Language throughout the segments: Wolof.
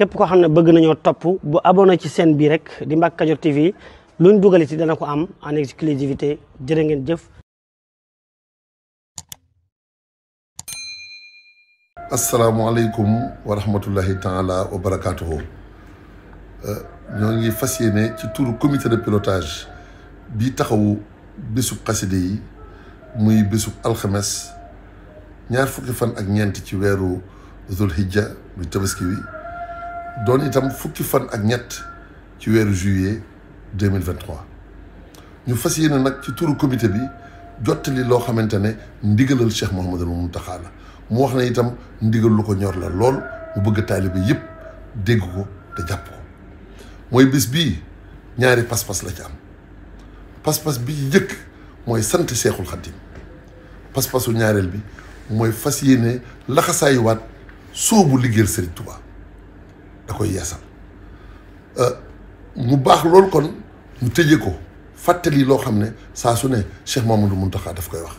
képp koo xam ne bëgg nañoo topp bu abonné ci seen bii rek di Mbacke Kadior TV luñ dugal ci dana ko am en exclusivité jërë ngeen jëf asalaamaaleykum wa rahmatullahi taala wa barakaatuhu euh, ñoo ngi fas yéene ci turu comité de pilotage bi taxawu bésub xaside yi muy bésub alxames ñaar fukki fan ak ñeent ci weeru zulhijja muy tabaski wi doon itam fukki fan ak ñett ci weeru juillet deux mille vingt ñu fas yéene nag ci turu comité bi jottali loo xamante ne ndigalal Cheikh Mouhamadul Mountakha la mu wax ne itam ndigal lu ko ñor la lool mu bëgg taalibe yëpp dégg ko te jàpp ko mooy bis bii ñaari pas-pas la ci am pas-pas bi njëkk mooy sant Seexul Xaddim pas-pasu ñaareel bi mooy fas yéene laxasaayuwaat soobu liggéeyal Serigne Touba. da koy yeesal mu baax loolu kon ñu tëje ko fàttali loo xam ne saa su ne moom Mamadou Mountakha daf koy wax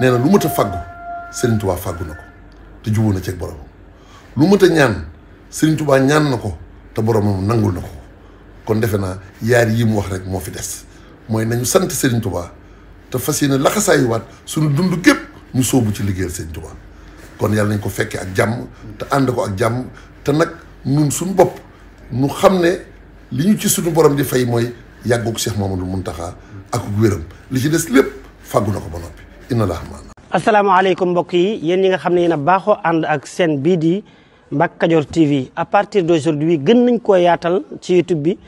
nee na lu mët a fàggu Serigne Touba fàggu na ko te jubóo na ceeg borom lu mët ñaan Serigne Touba ñaan na ko te boromam nangul na ko kon defe naa yaar yi mu wax rek moo fi des mooy nañu sant Serigne Touba te fas ne yéene laxasaayuwaat suñu dund gépp ñu sóobu ci liggéeyal Serigne Touba kon yàlla nañ ko fekkee ak jàmm te ànd ko ak jàmm te nag. ñun suñu bopp ñu xam ne li ñu ci suñu borom di fay mooy yàggug Cheikh Mamadou Muntaxa ak wéram li ci des lépp fàggu na ko ba noppi inna laa maana asalaamaaleykum mbokk yi yéen ñi nga xam ne yéen a baaxoo ànd ak seen bii di Mbacke Kadior TV à partir d'aujourd'hui gën nañ koo yaatal ci YouTube bi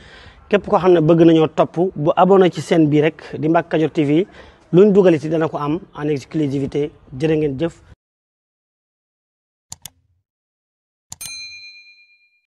képp koo xam ne bëgg nañoo topp bu abonné ci seen bii rek di Mbacke Kadior TV luñ dugal ci dana ko am en exclusivité jërë ngeen jëf